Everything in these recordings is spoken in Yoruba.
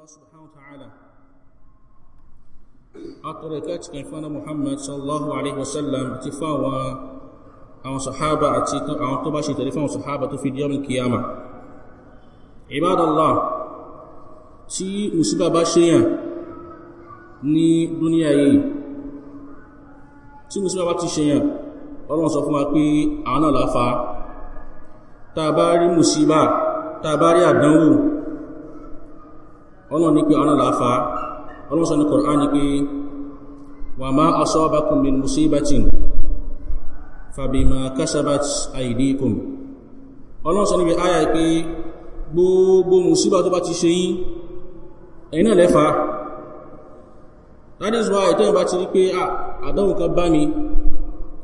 Allah subhanahu wa ta'ala atọrọ ìkẹ́ẹ̀tì kan fún Muhammad sallallahu alaihi wasallam àti fún àwọn sahaba àti àwọn tó bá ṣe tẹ̀lé fún àwọn sahaba tó fi di ọmọ kiyama ibadallah tí musíbà bá ṣéyàn ní dúníà yìí tí musíbà bá ti ṣéyàn ọlọ́run sọ fún wa pé àwọn náà láfa tá bá rí musíbà tá bá rí àdánwò ọlọ́run ní pé àwọn náà láfa ọlọ́run sọ ní Qur'an ní pé wa ma asabakum min musibatin fabima kasabat aydikum ọlọ́run sọ níbi ayà pé gbogbo musiba tó bá ti ṣe yín ẹ̀yin lẹ́fà that is why ìtẹ́yìn bá ti rí pé ah, àdánwò kan bá mi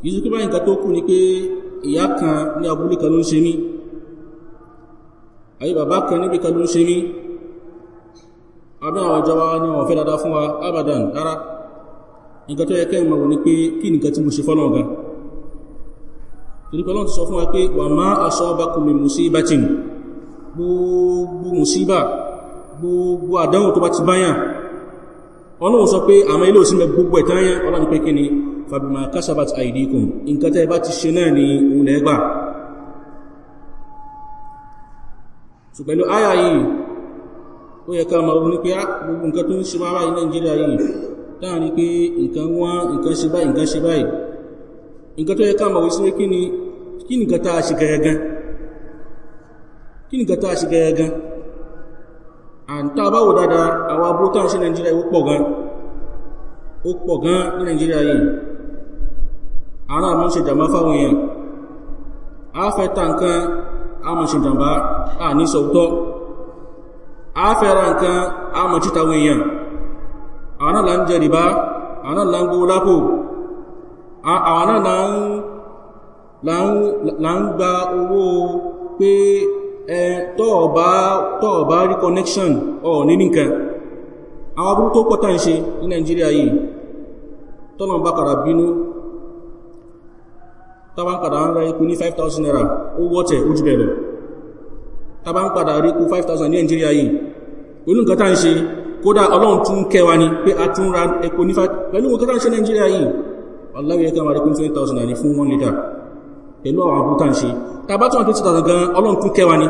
yìí sí pé báyìí nǹkan tó kù ni pé ìyá kan ní abúlé kan ló ń ṣe mí àyè kan níbi kan ló ń ṣe mí àbí àwọn ìjọba ní wọ́n fẹ́ dada fún wa abadan rárá nǹkan tó yẹ kẹ́ ìmọ̀ wò ní pé kí nìkan tí mo ṣe fọ́nà ọ̀gá torípé ọlọ́run ti sọ fún wa pé wà má aṣọ ọba kò lè mùsíbà tì gbogbo mùsíbà gbogbo àdánwò tó bá ti báyàn ọlọ́run sọ pé àmọ́ ilé òsínmẹ́ gbogbo ẹ̀tàn yẹn ọlọ́run pé kí ni fàbímà kásábàtì ó yẹ ká máa ronú pé á ah, gbogbo nǹkan tó ń ṣe wá báyìí nàìjíríà yìí táà pé nǹkan wá nǹkan ṣe báyìí nǹkan ṣe báyìí nǹkan tó yẹ ká máa sí pé kí ni kí ni nǹkan tá a ṣe gẹ́gẹ́gán kí ni nǹkan tá a ṣe gẹ́gẹ́gán àǹtá bá wò dáadáa àwọn aburú táwọn ṣe nàìjíríà yìí ó pọ̀ gan ó pọ̀ gan ní nàìjíríà yìí àwọn àmọ́ ṣe jàmbá fáwọn èèyàn fẹ́ ta nǹkan ṣe jàmbá ní sọ̀tọ́ afera nkan amachita àwọn ana la njeriba ana la rìbá àwọn náà ń gbó lápò àwọn gba owó pé ẹ reconnection rí connection ọ̀ ní nìkan àwọn aburú tó pọ̀ tá ń ṣe ní Nàìjíríà yìí tọ́nà 5000 naira tàbá ń padà rí kú 5000 ní Nigeria yìí olú nǹkan tá ń ṣe kódà ọlọ́run tún kẹwa ni pé a tún ra epo nífà pẹ̀lú nǹkan tá ń ṣe Nàìjíríà yìí ọlọ́run yẹ ká máa rí kú 20,000 ní fún 1 litre pẹ̀lú àwọn abúrú tá ń ṣe tàbá tún 20,000 gan ọlọ́run tún kẹwa ni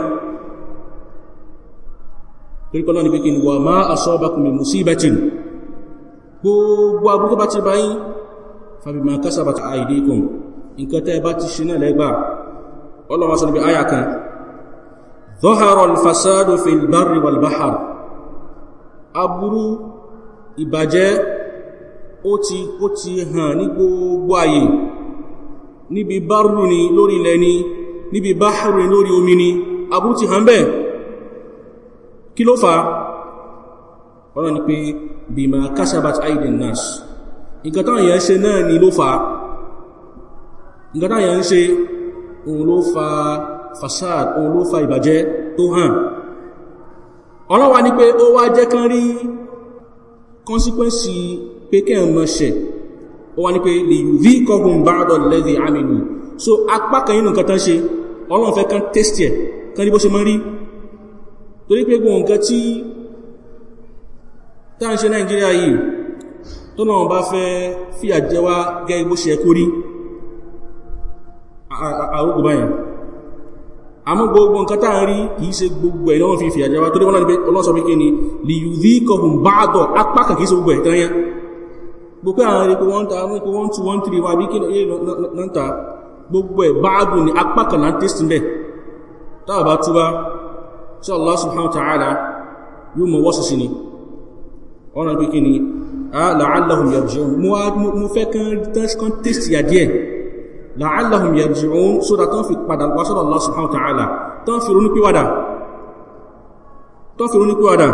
torí kọ́lọ́ ni pé kí ni wà máa asabakum min musibatin gbogbo abúrú tó bá ti báyìí fabima kasabat aidikum nǹkan tẹ́ bá ti ṣe náà ظهر الفساد في البر والبحر aburú ìbàjẹ́ ó ti ó ti hàn ní gbogbo ayé níbi bárù ni lórí ilẹ̀ ni níbi báhàrù ni lórí omi ni aburú ti hàn bẹ́ẹ̀ kí ló fà ọ̀rọ̀ ni pé bima kasabat aidin nas nǹkan táwọn èèyàn ṣe náà ni ló fà nǹkan táwọn ṣe òun ló fà fasad o ló fa ìbàjẹ́ tó hàn ọlọ́wà ní pé o wá jẹ́ kán rí consequence pé kẹ́ ọmọ ṣẹ̀ ó wá ní pé lè rí kọgùn báradọ̀ lẹ́dí àmìlú so apá kan nínú nǹkan tán ṣe ọlọ́run fẹ́ kán test ẹ̀ kán rí bó ṣe mọ́ rí torí pé gbogbo nǹkan tí tá ń ṣe nàìjíríà yìí tó náà bá fẹ́ fìyà jẹ wá gẹ́ a a a o àrùgbọ̀ báyìí àmọ́ gbogbo nǹkan tá à ń rí kìí ṣe gbogbo ẹ̀ lọ́wọ́n fi fìyà jẹ wá torí wọ́n lọ́n sọ pé kí ni lìyùdí kọ̀hùn bá dọ̀ apá kàkí ṣe gbogbo ẹ̀ tán yá gbogbo àwọn ẹ̀rí pé wọ́n ń ta àwọn ẹ̀kọ́ one two one three wa àbí kí ló ń ta gbogbo ẹ̀ bá dùn ní apá kan là ń tẹ́sí bẹ̀ táwọn la'allahum yarji'un so that ton fi padà wá sọ́dọ̀ Allah subhanahu wa ta'ala ton fi ronú pìwàdà ton fi ronú pìwàdà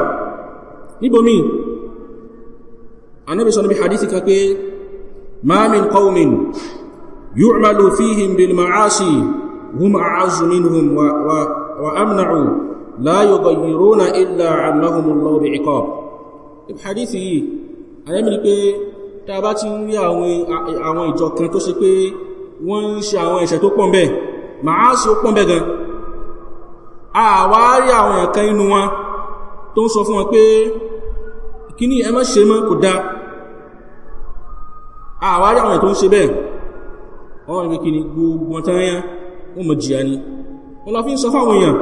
níbòmí anábi sọ́nà bí hadithi ka pé ma min qawmin yu'malu fihim bil ma'asi hum a'azzu minhum wa wa wa amna'u la yughayyiruna illa 'ammahum Allah bi 'iqab hadithi wọ́n ń ṣe àwọn ẹ̀ṣẹ̀ tó pọ̀ bẹ́ẹ̀ màá sí ó pọ̀ bẹ́ẹ̀ gan àwárí àwọn ẹ̀kan inú wọn tó ń sọ fún wọn pé kíní ẹ má ṣe mọ́ kò dáa àwárí àwọn tó ń ṣe bẹ́ẹ̀ ọ̀rọ̀ ní kíní gbogbo ọ̀tán yẹn wọ́n mọ̀ jìyà ni wọ́n lọ fi ń sọ fáwọn èèyàn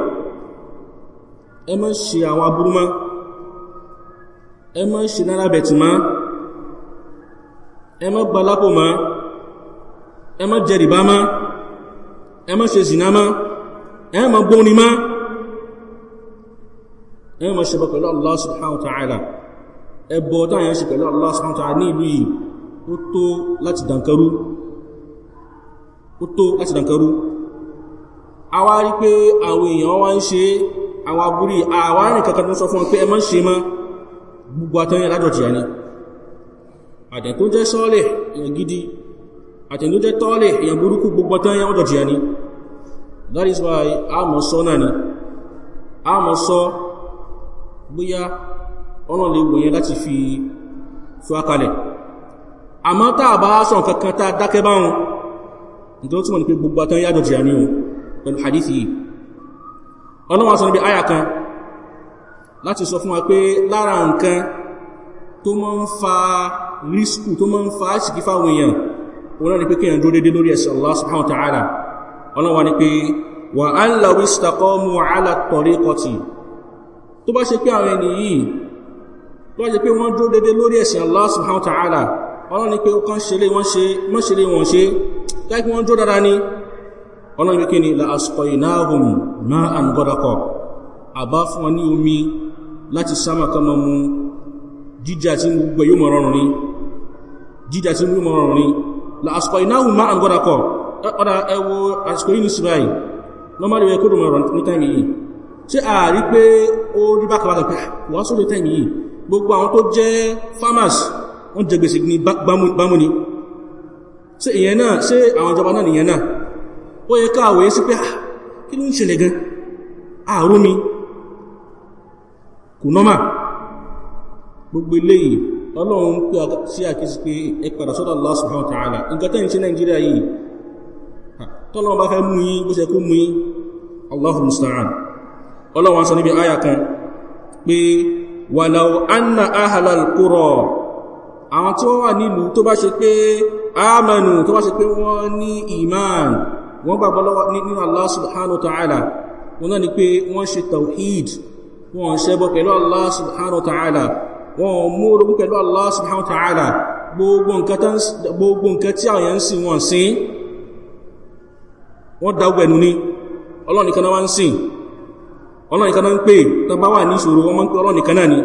ẹ má gbalápò mọ́ ẹ má jẹ rìbá má ẹ má ṣe zìnà má ẹ má gbóni má ẹ má ṣe pẹ̀lú Allah subhanahu wa ta'ala ẹbọ táyà ṣe pẹ̀lú Allah subhanahu wa ta'ala ní ìlú yìí ó tó láti dànkarú ó tó láti dànkarú a wá rí pé àwọn èèyàn wá ń ṣe àwọn abúrí àwọn kankan tó sọ fún wọn pé ẹ ṣe mọ́ gbogbo àtọ́yìn alájọ̀jì yà ni àdẹ̀ jẹ́ sọ́ọ̀lẹ̀ èèyàn gidi àtẹ̀lú jẹ́ tọ́lẹ̀ èyàn burúkú gbogbo tán yá wọ́dọ̀ jìyà ni that is why a mọ̀ sọ náà ni a mọ̀ sọ bóyá ọ̀nà lè wòye láti fi fún akalẹ̀ àmọ́ táà bá sọ kankan tá dákẹ́ bá wọn nítorí tí wọ́n ni pé gbogbo tán yádọ̀ jìyà ni pẹ̀lú hadithi yìí ọlọ́wọ́ sọ níbi àyà kan láti sọ fún wa pé lára nǹkan tó máa ń fa rísíkù tó máa ń fa àṣìkí fáwọn wọn ni pé kí ẹ̀dúró dédé lórí ẹ̀sìn Allah subhanahu wa ta'ala ọlọ́wà ni pé wa an law istaqamu ala tariqati tó bá ṣe pé àwọn ẹni yìí tó bá ṣe pé wọ́n dúró dédé lórí ẹ̀sìn Allah subhanahu wa ta'ala ọlọ́ni pé ó kán ṣe lé wọ́n ṣe mọ́ ṣe lé wọ́n ṣe láìpé wọ́n dúró tí gbogbo yóò la asukọ iná wù má àgọ́dà kọ ọ̀dà ẹwọ àsìkò yìí ní sùráì normally wẹ́ kódùmọ̀ ọ̀rọ̀ ní táìmì yìí ṣé ààrí pé ó rí bákàbákà pé wàá sóde táìmì yìí gbogbo àwọn tó jẹ́ farmers wọ́n jẹ gbèsè ní bámúni ṣé ìyẹn náà ṣé àwọn ìjọba náà nìyẹn náà ó yẹ káàwé sí pé ah, kí ló ń ṣẹlẹ̀ gan àrùn mi kò gbogbo eléyìí ọlọ́run pé sí àkíyèsí pé ẹ padà sọ́dọ̀ Allah subhanahu wa ta'ala nǹkan tẹ́ ń ṣe nàìjíríà yìí tọ́lọ́run bá fẹ́ mú yín bó ṣe kó mú yín Allahu musta'an ọlọ́run sọ níbi àyà kan pé walau anna ahlal qura àwọn tí wọ́n wà nílùú tó bá ṣe pé amanu tó bá ṣe pé wọ́n ní iman wọ́n gbàgbọ́ lọ́wọ́ nínú Allah subhanahu wa ta'ala wọ́n náà ni pé wọ́n ṣe tawhid wọ́n ṣẹbọ pẹ̀lú Allah subhanahu wa ta'ala wọn mú orogún pẹ̀lú Allah subhanahu wa ta'ala gbogbo nǹkan tí àwọn yẹn ń sìn wọn sí wọ́n dá ọgbẹ̀nu ní Ọlọ́run nìkan náà wá ń sìn Ọlọ́run ń pè tó bá wà ní ìṣòro wọ́n máa ń pè Ọlọ́run ni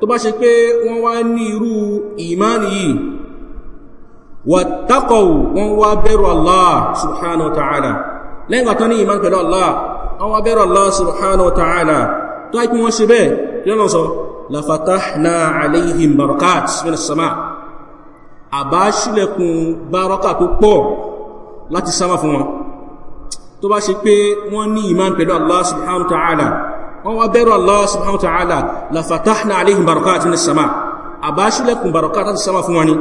tó bá ṣe pé wọ́n wá ní irú ìmáàni yìí wàtàkọ̀ wọ́n wá bẹ̀rù Allah subhanahu wa ta'ala lẹ́yìn àtọ́ ní ìmáàni pẹ̀lú Allah wọ́n wá bẹ̀rù Allah subhanahu wa ta'ala tó àìkú wọ́n ṣe bẹ́ẹ̀ yọ́nà sọ lafatahna alayhim barakat min as-sama àbá ṣílẹ̀kùn bárọ́kà tó pọ̀ láti sámà fún wọn tó bá ṣe pé wọ́n ní iman pẹ̀lú allah subhanahu ta'ala wọ́n wá bẹ̀rù allah subhanahu ta'ala lafatahna alayhim barakat min as-sama àbá barakat láti sámà fún wọn ni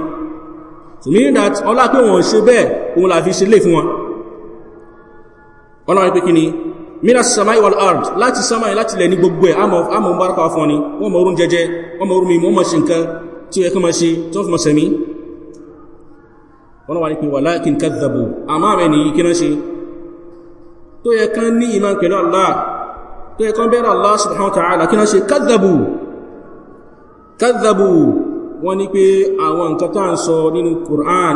so meaning that ọlá pé wọ́n ṣe bẹ́ẹ̀ òun làfi ṣe lè fún wọn ọlọ́run pé kí ni mina samai wal ard láti samai láti lẹ̀ ní gbogbo ẹ̀ àmọ́ ń bára fún ni wọ́n mọ̀ orún jẹjẹ wọ́n mọ̀ orún mi wọ́n mọ̀ sí nǹkan tí ó yẹ kí wọ́n ṣe tó fún sẹ̀mí wọ́n wà ní pé walakin kadhabu àmọ́ àmẹ́ nìyí kí wọ́n ṣe tó yẹ kán ní iman pẹ̀lú Allah tó yẹ kán bẹ̀rẹ̀ Allah subhanahu wa ta'ala kí wọ́n ṣe kadhabu kadhabu wọ́n ní pé àwọn nǹkan tó ń Qur'an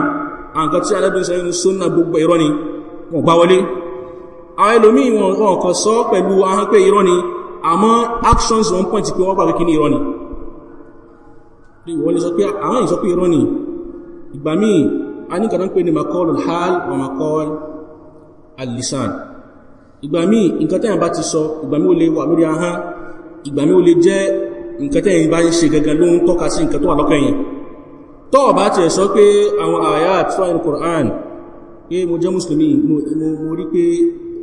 àwọn nǹkan tí alábìnrin sọ sunna gbogbo ìrọ́ ni wọ́n gbá àwọn ẹlòmí wọn ọkọ̀ sọ pẹ̀lú ahọ́n pé irọ́ ni àmọ́ actions wọn point pé wọ́n gbà pé kí ní irọ́ ni wọ́n lè sọ pé àwọn ni ìgbà míì a ní kàdán pé ní makọ́lù hal wa makọ́lù alisan ìgbà míì nǹkan tẹ́yàn bá ti sọ ìgbà míì ó lè wà lórí ahọ́n ìgbà míì ó lè jẹ́ nǹkan tẹ́yàn bá ń ṣe Qur'an pé mo jẹ́ mùsùlùmí mo rí pé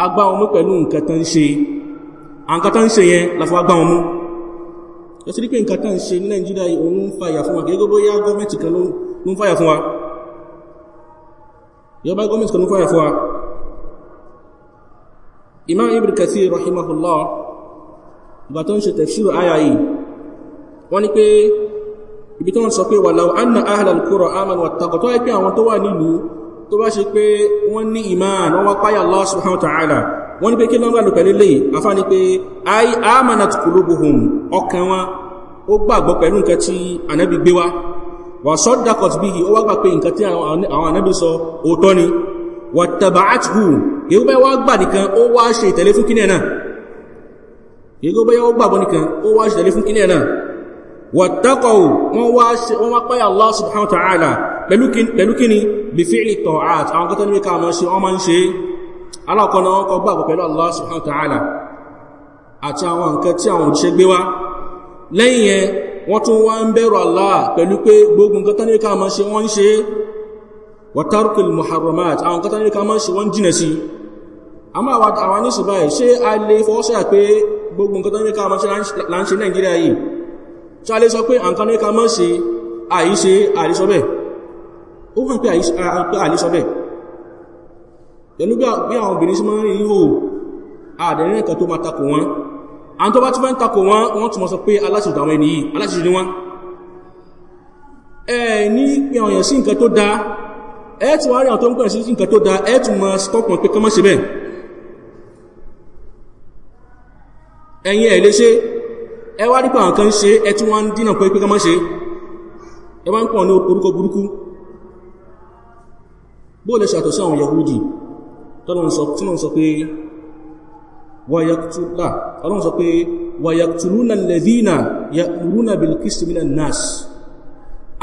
agbá wọn mú pẹ̀lú nǹkan tán ṣe àǹkan tán ṣe yẹn láfọ́ agbá wọn mú sí pé nǹkan tán ṣe ní nàìjíríà òun ń fàyà fún wa gẹ́gẹ́ kan ló ń fàyà fún wa yọba kan ló ń fàyà fún wa imam ibn kathir rahimahullah ìgbà sọ tó bá ṣe pé wọ́n ní iman wọ́n wá páyà Allah subhanahu wa ta'ala wọ́n ní pé kí lọ́gbà lò pẹ̀lú lè afá ni pé ai amanat qulubuhum ọkàn wọn ó gbàgbọ́ pẹ̀lú nǹkan tí ànábì gbé wá wà saddaqat bihi ó wá pé nǹkan tí àwọn sọ òótọ́ ni wà taba'athu wàtàkọ̀ọ̀ wọ́n wá pẹ́yà Allah subhanahu wa ta'ala pẹ̀lú kíni bí fi'li ta'at àwọn kọ́tọ́ níbi káàmọ́ ṣe ọmọ ń ṣe alákọ̀ọ́nà wọn kọ gbàgbọ́ pẹ̀lú Allah subhanahu wa ta'ala àti àwọn nǹkan tí àwọn òṣìṣẹ́ gbé wá lẹ́yìn yẹn wọ́n tún wá ń bẹ̀rù Allah pẹ̀lú pé gbogbo nǹkan tán níbi káàmọ́ ṣe wọ́n ń ṣe wàtàrùkìl ṣáàlẹ́ sọ pé àǹkan ní ká mọ́ ṣe àìṣe àìṣọ́bẹ̀ ó hàn pé àìṣọ́bẹ̀ pẹ̀lú bí àwọn obìnrin sí máa ń ihò àdẹ̀rẹ́ ẹ̀kan tó máa takò wọn àwọn tó bá ti fẹ́ ń takò wọn wọ́n túnmọ̀ sọ pé aláṣìṣẹ́ àwọn ẹni yìí aláṣìṣẹ́ ni wọ́n ẹ ní pé àwọn èèyàn sí nǹkan tó dáa ẹ ti wá rí àwọn tó ń pẹ̀lú sí nǹkan tó dáa ẹ tún máa stop wọn pé kán ẹ wá rípa àwọn kan ṣe ẹ tí wọ́n dínà pé pé kọmọ́ ṣe ń pọ̀ ní orúkọ burúkú bóò lè ṣàtọ̀ sí àwọn Yahudi tọ́lọ́n sọ pé wàyàkùtùlúnà lẹ́dínà yàmùrúnà bilkistimina nas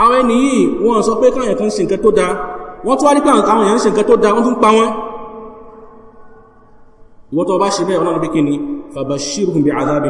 àwọn ẹni wọ́n sọ pé kan ṣe tó da wọ́n tó da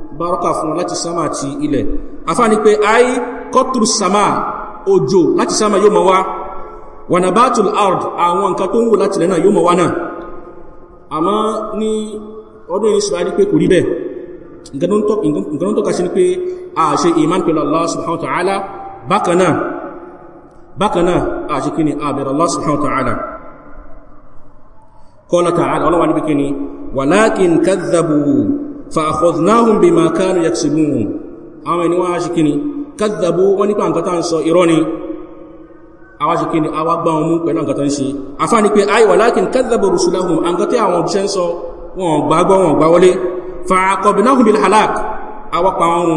bárọ́kà fún láti sámà ti ilẹ̀ afá ni pé ai kọ́tùrù sámà òjò láti sámà yóò mọ̀ wá wọ̀nà bátùl ard àwọn nǹkan tó ń wù láti lẹ́nà yóò mọ̀ wá náà àmọ́ ní ọdún yìí sọ́rọ̀ pé kò rí bẹ́ẹ̀ nǹkan tó kàṣí ni pé a ṣe iman pẹ̀lú Allah fàkọ̀dùnáhùn bí ma kánú yaksibun àwọn ẹni wọ́n á ṣe kíni kádàbó wọ́n nípa nǹkan tá ń sọ irọ́ ni àwa ṣe kíni àwa gbá wọn mú pẹ̀lú nǹkan tó ń ṣe afá ni pé ayé wà lákìn kádàbó rusulahum nǹkan tí àwọn òṣìṣẹ́ sọ wọn gbàgbọ́ wọn gbà wọlé bí halak àwa pa wọn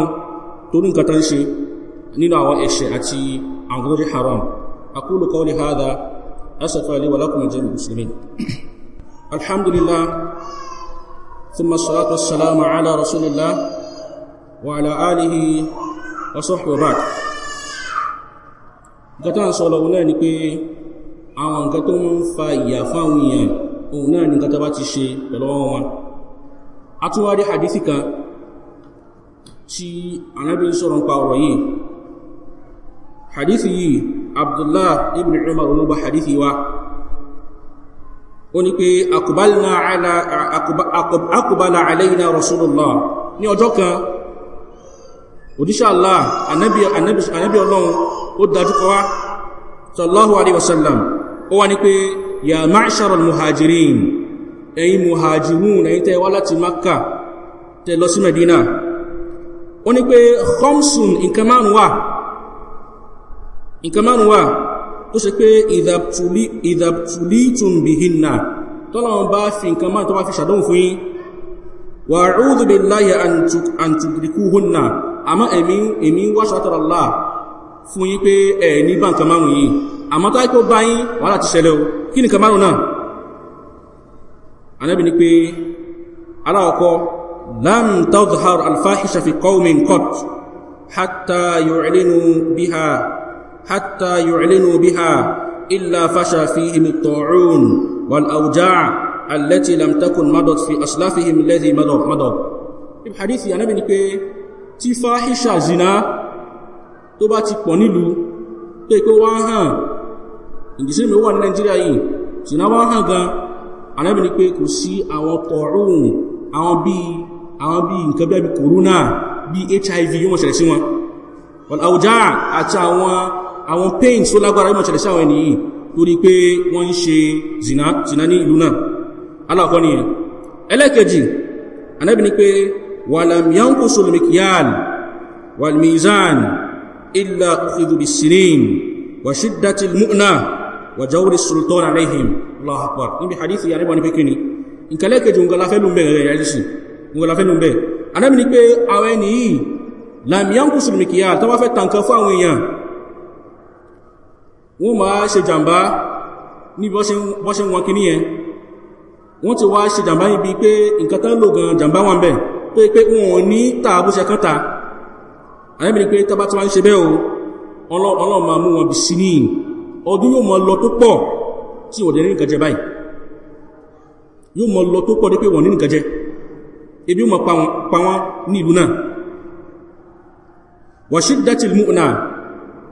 run torí ṣe nínú àwọn ẹ̀ṣẹ̀ àti àwọn haram aqulu qawli hadha asafa li wa lakum jami'al muslimin alhamdulillah ثم الصلاة والسلام على رسول الله وعلى آله وصحبه وبعد nǹkan tá à ń sọ lọ́wọ́ náà ni pé àwọn nǹkan tó ń fa ìyà fáwọn èèyàn òun náà ni nǹkan tó bá ti ṣe pẹ̀lú ọwọ́ wọn a tún wá rí hadithi kan tí anábì ń sọ̀rọ̀ ọ̀rọ̀ yìí hadithi yìí abdullah ibn umar ló bá wa ó ní pé akùbálà aláìna rasulullah ní ọjọ́ kan òdíṣà allah anábí ọlọ́run ó dájúkọ wá sallallahu alaihi wasallam ó wá ní pé ya ma'sharal muhajirin ẹ̀yin muhajirun ẹ̀yin tẹ́ wá láti makka tẹ́ lọ sí medina ó ní pé khomsun nǹkan márùn-ún tó ṣe pé ìdàbtùlí tùnbì hinna tọ́lọ́wọ́n bá fi nǹkan máa tó bá fi ṣàdánwò fún yín wà rúdù bí láyé àǹtùkùrìkú hunna àmọ́ èmi wá ṣàtàrà lá fún yín pé ẹ̀ ní bá nǹkan márùn yìí àmọ́ tó àìkó bá yín wàhálà ti ṣẹlẹ̀ kí nǹkan márùn náà anábì ni pé aláwọ̀kọ́ lam tazhar alfahisha fi qawmin qat hatta yu'linu biha حتى يعلنوا بها إلا فشى فيهم الطاعون والأوجاع التي لم تكن مضت في أسلافهم الذي مضى مضى الحديث يعني ni pé tí fáhíṣà zina tó bá ti pọ̀ nílùú pé pé wọ́n hàn ìdísílẹ̀ mi wà ní nàìjíríà yìí zina wọ́n hàn gan anábì ni pé kò sí àwọn kọ̀ọ̀rùn àwọn bí àwọn bí nǹkan bẹ́ẹ̀ bí kòrónà bí hiv yóò mọ̀ ṣẹlẹ̀ sí wọn wọ́n àwùjá àti àwọn àwọn pain tó lágbára yóò ṣẹlẹ̀ sáwọn ẹni yìí torí pé wọ́n ń ṣe zina zina ní ìlú náà alákọ́ nìyẹn ẹlẹ́kẹ̀jì anábì ni pé wàlàm yankó solomikiyal wàlmizan illa ìdùbì ni pé kíni ìkẹlẹ́kẹ̀jì ngalafẹ́ lùmbẹ̀ rẹ̀ tó wá fẹ́ tànkà fún àwọn èèyàn wọ́n máa ṣe jàmbá ní bọ́ṣẹ́ wọn kì níyẹn wọ́n ti wá ṣe jàmbá níbi pé nǹkan tán lò gan jàmbá wọn bẹ̀ pé pé wọn ò ní tààbúṣẹ kan ta àyẹ́bìnrin pé tábà tí wọ́n ń ṣe bẹ́ẹ̀ o ọlọ́run máa mú wọn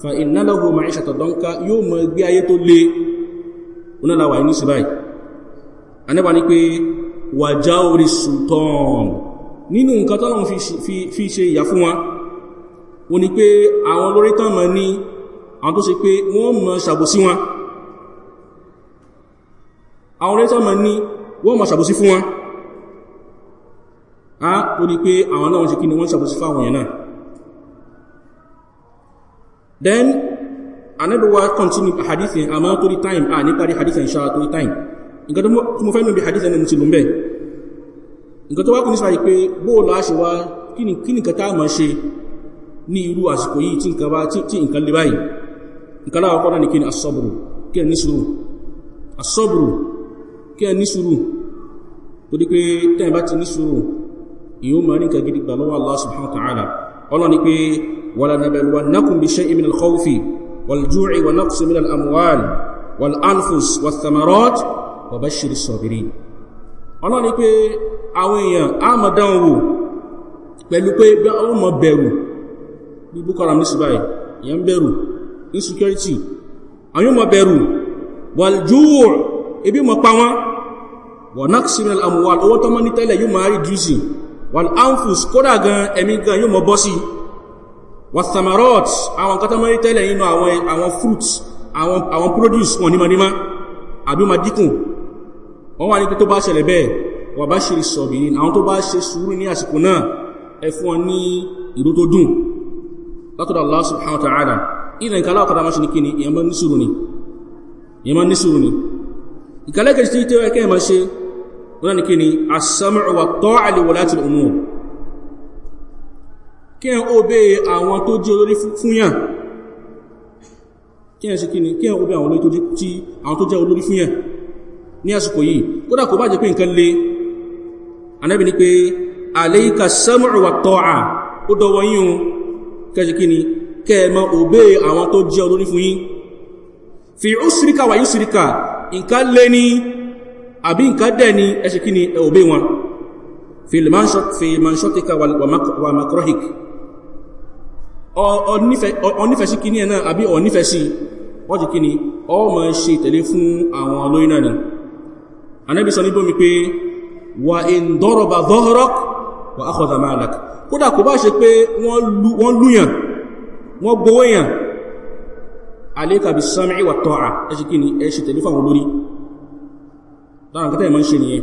fa inna lahu ma'ishatan danka yóò mọ gbé ayé tó le onílàwà ní sí báyìí anẹ́bà ní pé wàjá orí sultan nínú nǹkan tọ́lọ́run fi ṣe ìyà fún wa o ni pé àwọn olórí tán mọ̀ ní àwọn tó ṣe pé wọ́n mọ̀ ṣàbòsí wọn àwọn olórí tán mọ̀ ní wọ́n mọ̀ ṣàbòsí fún wọn a o ni pé àwọn náà ṣe kí ni wọ́n ṣàbòsí fáwọn yẹn náà then anabi wa continue hadith yẹn àmọ́ torí time à ah, ní parí hadith yẹn ṣáà torí time nǹkan tó mo fẹ́ lóbi hadith yẹn ní mùsùlùmí bẹ́ẹ̀ wa ni a mọ̀ ṣe ní irú àsìkò ti tí nǹkan bá tí nǹkan lè báyìí na ni suru. kí ẹ ní sùúrù asọ́bùrù kí ẹ ní sùúrù ti ní sùúrù ìyóò máa gidi ọlọ́ni pé wala nabluwannakum bishay'in minal khawfi wal ju'i wa naqsin minal amwal wal anfus was thamarat wa bashiris sabirin ọlọ́ni pé àwọn èèyàn á mọ̀ dán wò pẹ̀lú pé bí wọ́n mọ̀ bẹ̀rù wal anfus kódà gan ẹ̀mí gan yóò mọ́ bọ́ sí wal samarot àwọn nǹkan tó mọ́ tẹ́lẹ̀ nínú àwọn fruits àwọn produce wọn nímọ̀nímá àbí ma dínkù wọ́n wà ní pé tó bá ṣẹlẹ̀ bẹ́ẹ̀ wà bá ṣe sọ̀bìrín àwọn tó bá ṣe sùúrù ní àsìkò náà ẹ fún wọn ní ìró tó dùn látọ̀dọ̀ Allah subhanahu wa ta'ala ilẹ̀ nǹkan aláwọ̀kọ̀dá máa ṣe ní kí ni ìyẹn máa ní sùúrù ni ìkàlẹ́kẹ̀ẹ́ sí tí ó ẹkẹ́ máa ṣe wọ́n ni kí ni as-sam'u wat-ta'a li wulati al-umur kí ẹ obé àwọn tó jí olórí fúnyàn kí ẹ ṣe kí ni kí ẹ obé àwọn tó jẹ́ olórí fúnyàn ní àsìkò yìí kódà kò bá jẹ́ pé nǹkan le anábi ni pé alayka as-sam'u wat ó dọwọ́ yín o kẹ́ṣe kí ni kẹ́ ẹ mọ obé àwọn tó jẹ́ olórí fún yín fi usrika wa yusrika nǹkan le ni àbí nǹkan dẹ̀ ni ẹ ṣe kí ni ẹ òbí wọn fìlìmọ̀ṣọ́tìkà wà makrohic ọ̀nífẹ̀ sí kíní ẹ̀ náà àbí ọ̀nífẹ̀ sí wọ́n ti kíní ọ ma ṣe tẹ̀lé fún àwọn olóyìn náà ni anábi sọ níbò mi pé wà in dọ́rọ̀bà dọ́rọ̀k wà ákọ̀dà máa lak kódà kò bá ṣe pé lára nǹkan tẹ́ẹ̀ máa ń ṣe nìyẹn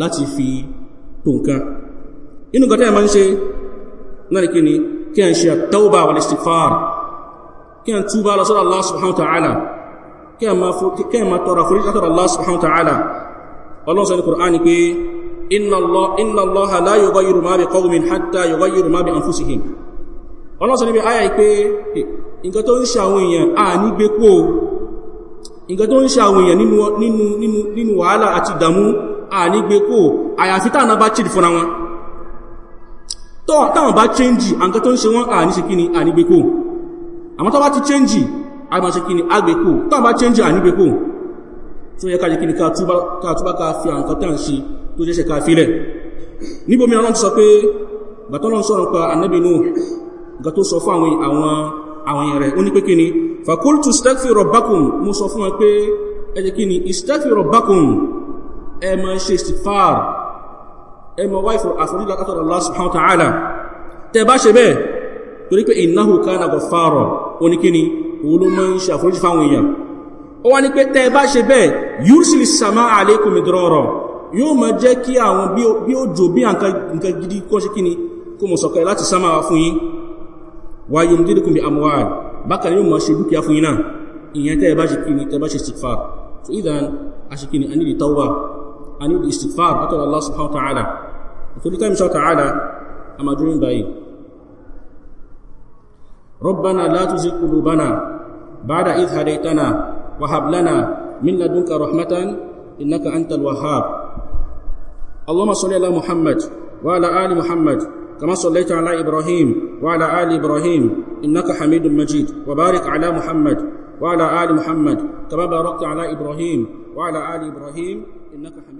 láti fi tó nǹkan inú nǹkan tẹ́ẹ̀ máa ń ṣe náà ni kí ni kí ẹ̀ ń ṣe àtọ́wọ́bà wal istighfar kí ẹ̀ ń túbà lọ sọ́dọ̀ Allah subhanahu wa ta'ala kí ẹ̀ máa tọrọ àforíjì látọ̀dọ̀ Allah subhanahu wa ta'ala ọlọ́sọ̀ ní Qur'an ni pé inna Allah inna Allah la yughayyiru ma bi qawmin hatta yughayyiru ma bi anfusihim ọlọ́sọ̀ níbi ayà pé nǹkan tó ń ṣe àwọn èèyàn à ní gbé kúò nǹkan tó ń ṣe àwọn èèyàn nínú wàhálà àti ìdàmú ànígbékò àyàfi tàà náà bá chìdì fúnra wọn táwọn bá chẹ́njì àǹkan tó ń ṣe wọ́n àníṣekíni ànígbékò àmọ́ tó bá ti chẹ́njì àgbàṣekíni àgbékò táwọn bá chẹ́njì ànígbékò tó yẹ káṣekíni káàtúbá ká fi àǹkan tàà ń ṣe tó jẹ́ṣẹ́ ká fílẹ̀ níbomi ọlọ́run ti sọ pé àwọn èèyàn rẹ̀ ó ní pé kí ni fakultu stagfi rabbakum mo sọ fún wọn pé ẹ jẹ́ kí ni istagfi rabbakum ẹ máa ṣe istighfar ẹ máa wá ìfọ̀ àforíjì látọ̀dọ̀ Allah subhanahu wa ta'ala tẹ bá ṣe bẹ́ẹ̀ torí pé innahu kana ghaffara ó sọ̀kẹ́ láti sámà wá fún yín wa yumdidukum bi amwal bákan yóò máa ṣe dúkìá fún iná ìyẹn tẹ́ ẹ bá ṣe kíni tẹ́ bá ṣe istighfar so idan a ṣe kíni a nílì tawwa istighfar látọ̀rọ̀ Allah subhanahu wa ta'ala nítorí táìmù sọ́ọ̀ ta'ala a máa ربنا لا تزغ قلوبنا بعد إذ هديتنا وهب لنا من لدنك رحمة إنك أنت الوهاب اللهم صل على محمد وعلى آل محمد كما صليت على إبراهيم وعلى آل إبراهيم إنك حميد مجيد وبارك على محمد وعلى آل محمد كما باركت على إبراهيم وعلى آل إبراهيم إنك حميد